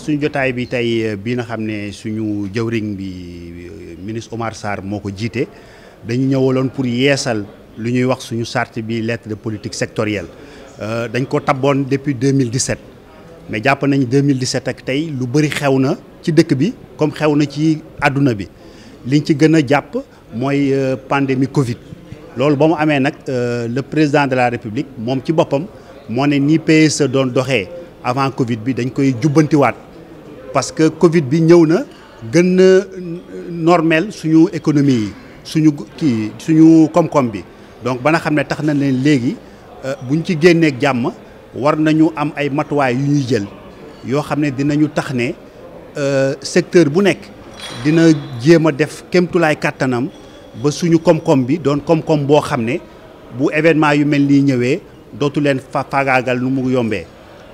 suñu jotaay bi tay euh, bi nga xamné suñu jëwriñ bi euh, ministre Omar Sarr moko jité dañ dañu pour yéssal lu ñuy wax suñu charte bi lettre de politique sectorielle euh dañ ko tabone depuis 2017 mais japp nañ 2017 ak tay lu bari xewna ci dëkk bi comme xewna ci aduna bi liñ ci gëna japp moy euh, pandémie Covid lool bamu amé nak nag le président de la République mom ci bopam moo ne ni se doon doxé avant Covid bi dañ koy wat parce que Covid bi ñëw gën normal suñu économie suñu ki suñu koom bi donc ba nga tax na ne légui euh, buñ ci génneeg jàmm war nañu am ay matuwaay yu ñuy jël yo xamné dinañu taxné euh secteur bu nek dina jéem def kemtulay katanam ba suñu koom bi don koom-koom boo bu événement yu mel nii ñëwee dootu fa nu mu yombé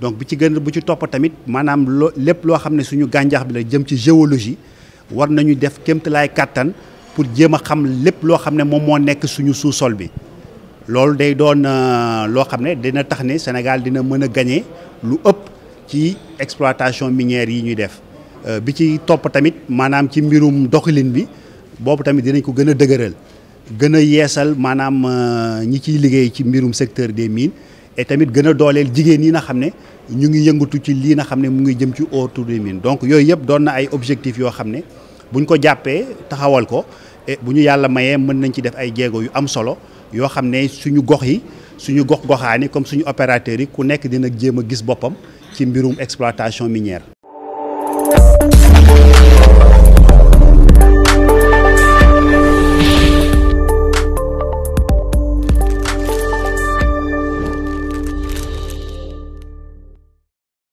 donc si ci gën bu ci top tamit manam lepp nous suñu la jëm ci géologie war nañu def kéemtalaay que pour jéem xam lepp lo mom mo nek suñu sous-sol bi lool day doon euh, lo Sénégal dina gagner lu exploitation minière yi ñuy def euh, bi ci top tamit manam ci mbirum doxalin bi bobu tamit dinañ ko gëna a gëna yéssal a euh, ñi secteur des mines et tamit gëna a jigéen yi nga xamné ñu ngi yëngatu ci li nga xamné mu ngi jëm ci des donc yoy yëpp doon na ay objectifs yo xamné buñ ko jappé taxawal ko et buñu yalla mayé mën nañ ci def ay jéego yu am solo comme suñu yi ku nekk dina gis exploitation minière